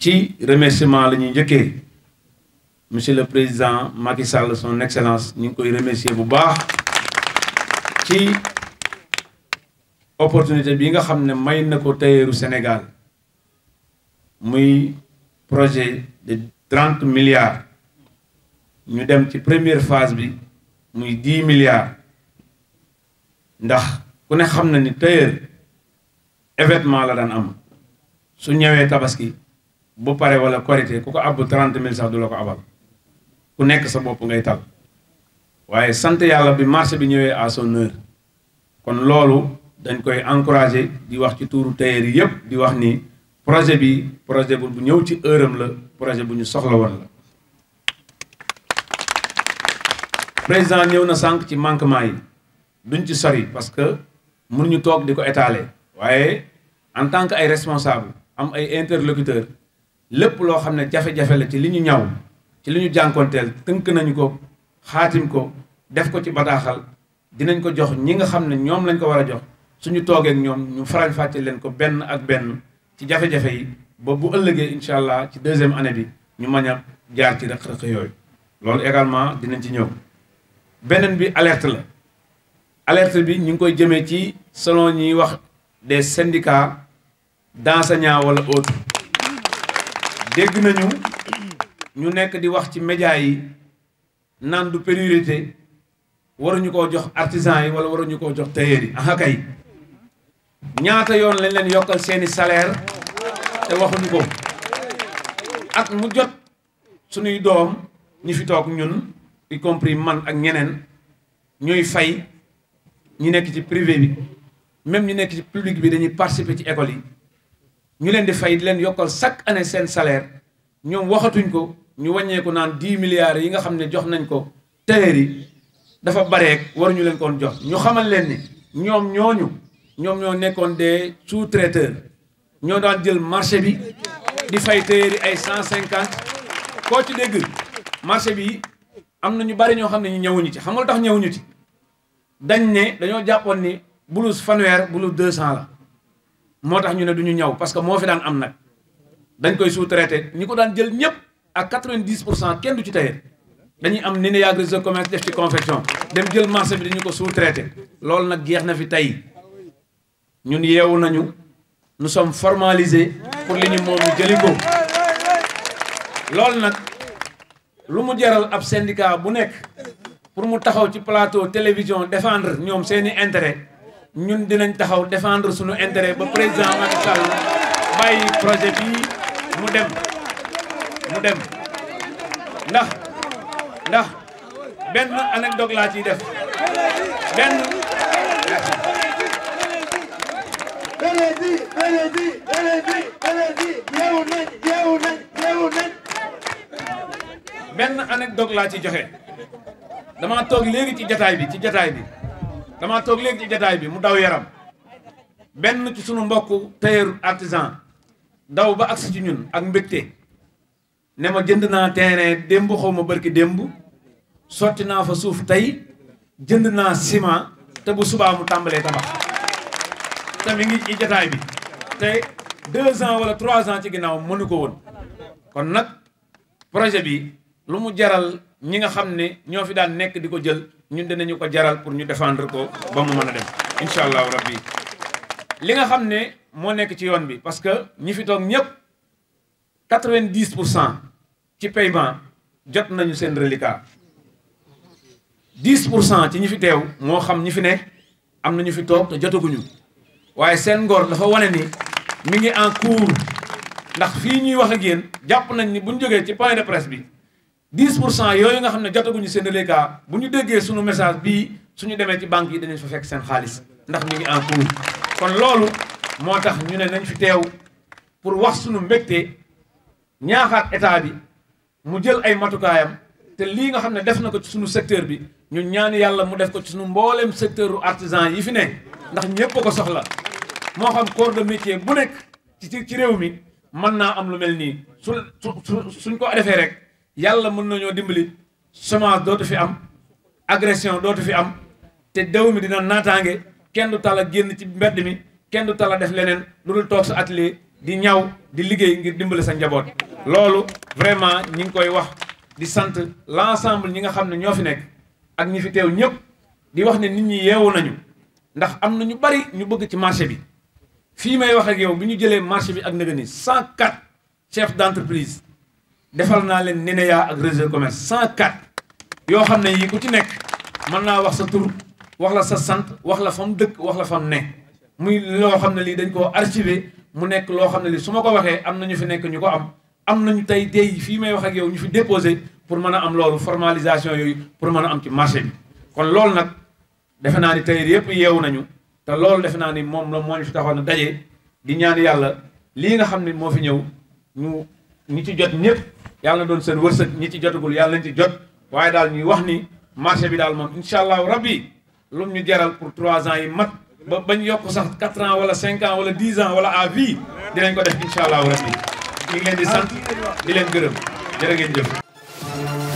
ci remerciement la ñuy njëkkee monsieur le président Macky Sall son excellence ñu ngi koy remercier bu baax ci opportunité bi nga xam ne may na ko tayeeru Sénégal muy projet de trente milliards ñu dem ci première phase bi muy dix milliards ndax ku ne xam na ni tailleur événement la daan am su ñëwee tabaski bu pare wala korité ku ko abbu trente mille sax du la ko abal ku nekk sa bopp ngay tal waaye sant yàlla bi marché bi ñëwee à son kon loolu dañ koy encouragé di wax ci tuuru tailleur yi yëpp di wax ni projet bi projet bu ñëw ci heure am la projet bu ñu soxla woon la président ñëw na sànq ci manquement yi duñ ci sori parce que mënuñu toog di ko étaler waaye en tant que ay responsable am ay interlocuteur lépp loo xam ne jafe-jafe la ci li ñu ñaw ci li ñu jànkonteel tënk nañu ko xaatim ko def ko ci bataaxal dinañ ko jox ñi nga xam ne ñoom lañ ko war a jox ñu toogeek ñoom ñu faral fàcce leen ko benn ak benn ci jafe-jafe yi ba bu ëllëgee incha allah ci deuxième année bi ñu mañ a jaar ci rëq-rëq yooyu loolu également dinañ ci ñëw beneen bi alerte la alerte bi ñu ngi koy jëmee ci selon ñuy wax de des syndicats d'enseignants wala autres dégg nañu ñu nekk di wax ci média yi naan du priorité waruñu koo jox artisan yi wala waruñu koo jox tailleur yi aha kay ñaata yoon lañ leen yokkal seeni salaire te waxuñu ko at mu jot suñuy doom ñu fi toog ñun y compris man ak ñeneen ñuy fay ñi nekk ci privé bi même ñu nekk ci public bi dañuy participer ci école yi ñu leen di fay di leen yokkal chaque année seen salaire ñoom waxatuñ ko ñu wàññeeku naan dix milliards yi nga xam ne jox nañ ko tailleur yi dafa bareek waruñu leen koon jox ñu xamal leen ni ñoom ñooñu ñoom ñoo nekkoon des sous-traiteurs ñoo daan jël marché bi di fay tailleur yi ay cent cinquante koo ci dégg marché bi am na ñu bari ñoo xam ne ñu ñëwuñu ci xam nga lu tax ñëwuñu ci dañ ne dañoo jàppoon ni blouse fanweer blouse deux cent la moo tax ñu ne du ñu ñaw parce que moo fi daan am nag dañ koy sous-traité ñi ko daan jël ñëpp ak 90 pour cent kenn du ci tey dañuy am ni ne yaa de commerce def ci confection dem jël marché bi dañu ko sous-traité loolu nag geex na fi tey ñun yeewu nañu nous sommes formalisés pour li ñu moom ñu jëli ko loolu nag lu mu jaral ab syndicat bu nekk pour mu taxaw ci plateau télévision défendre ñoom seeni intérêt ñun dinañ taxaw défendre suñu intérêt ba président Macky Sall bàyyi projet bii mu dem mu dem ndax ndax benn dog laa ciy def benn benedi benedi benedi benedi yeewu laa ci joxe dama toog léegi ci jataay bi ci jataay bi damaa toog léegi jataay bi mu daw yaram benn ci sunu mbokk tailleur artisan daw ba agsi ci ñun ak mbégte ne ma jënd naa terrain démb xaw ma bërki démb sotti naa fa suuf tey jënd naa ciment te bu subaa mu tàmbalee tabax te mi ngi jataay bi te deux ans wala trois ans ci ginnaaw mënu ko woon kon nag projet bi lu mu jaral ñi nga xam ne ñoo fi daan nekk di ko jël ñun dinañu ko jaral pour ñu défendre ko ba mu mën a dem incha allahu rabbi li nga xam ne moo nekk ci yoon bi parce que ñi fi toog ñëpp quatre-vingt-dix pour cent ci paiement jot nañu seen reliquat dix pour cent ci ñi fi teew moo xam ñi fi ne am na ñu fi toog te jotaguñu waaye seen ngoor dafa wane ni mi ngi en cours ndax fii ñuy wax ak yéen jàpp nañ ni bu buñ jógee ci point de presse bi 10 pour cent yooyu nga xam ne jotaguñu seen reliquat bu ñu déggee suñu message bii suñu demee ci banque yi danañ fa fekk seen xaalis ndax mi ngi en cours kon loolu moo tax ñu ne nañ fi teew pour wax suñu mbégte ñaaxaat état bi mu jël ay matukaayam te lii nga xam ne def na ko ci suñu secteur bi ñu ñaan yàlla mu def ko ci suñu mbooleem secteur artisan yi fi ne ndax ñëpp ko soxla moo xam corps de métier bu nekk ci ci réew mi mën naa am lu mel nii su su ko defee rek yàlla mën nañoo dimbali chômage dootu fi am agression dootu fi am te daw mi dina naataange kenn du tala génn ci mbedd mi kenn du tala def leneen lu dul toog sa atelier di ñaw di liggéey ngir dimbali sa njaboot. loolu vraiment ñi ngi koy wax di sant l'ensemble ñi nga xam ne ñoo fi nekk ak ñi fi teew ñëpp di wax ne nit ñi yeewu nañu ndax am na ñu bari ñu bëgg ci marché bi fii may wax ak yow bi ñu jëlee marché bi ak cent 104 chef d'entreprise. defal naa leen NINEA ak réseau cent 104 yoo xam ne yii ku ci nekk mën naa wax sa tur wax la sa sant wax la fa dëkk wax la fa mu ne muy loo xam ne lii dañ koo archivé mu nekk loo xam ne lii su ma ko waxee am na ñu fi nekk ñu ko am am nañu tey dey fii may wax ak yow ñu fi déposé pour mën a am loolu formalisation yooyu pour mën a am ci marché bi kon loolu nag defe naa ni tey yëpp yeewu nañu te loolu defe naa ni moom la moo ñu fi taxoon a daje di ñaan yàlla lii nga xam ne moo fi ñëw ñu ci jot ñëpp yàlla na doon seen wërsëg ñi ci jotagul yàlla nañ ci jot waaye daal ñuy wax ni marché bi daal moom incha allahu rabbi lu ñu jaral pour trois ans yi mat ba bañ yokk sax quatre ans wala cinq ans wala dix ans wala à vie dinañ ko def incha allahu rabbi ñu ngi leen di sant di leen gërëm jërë ngeen